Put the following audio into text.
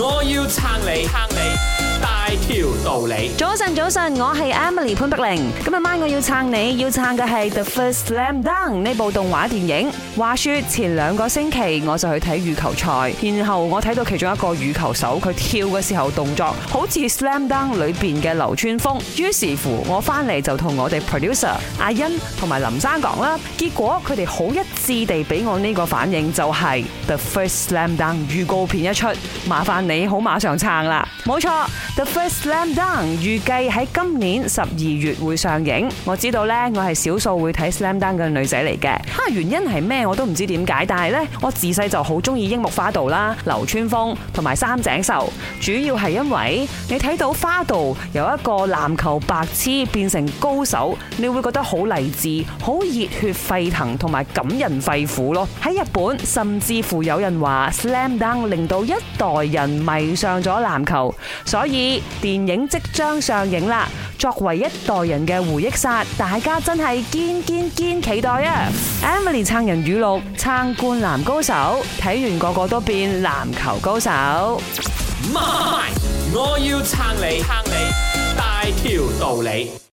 我要撐你，撐你大條道理。早晨，早晨，我係 Emily 潘德玲。今日晚我要撐你，要撐嘅係《The First Slam Dunk》呢部動畫電影。話說前兩個星期我就去睇羽球賽，然後我睇到其中一個羽球手，佢跳嘅時候動作好似《Slam Dunk》裏邊嘅流川楓。於是乎我我，我翻嚟就同我哋 producer 阿欣同埋林生講啦。結果佢哋好一致地俾我呢個反應，就係、是《The First Slam Dunk》預告片一出，麻煩。你好，馬上撐啦，冇錯。《The First Slam Dunk》預計喺今年十二月會上映。我知道咧，我係少數會睇《Slam Dunk》嘅女仔嚟嘅。哈，原因係咩？我都唔知點解。但係咧，我自細就好中意櫻木花道啦、流川楓同埋三井壽。主要係因為你睇到花道由一個籃球白痴變成高手，你會覺得好勵志、好熱血沸騰同埋感人肺腑咯。喺日本甚至乎有人話《Slam Dunk》令到一代人迷上咗籃球，所以。電影即將上映啦，作為一代人嘅回憶殺，大家真係堅堅堅期待啊！Emily 撐人語錄，撐灌籃高手，睇完個個都變籃球高手。媽咪，我要撐你，撐你，大條道理。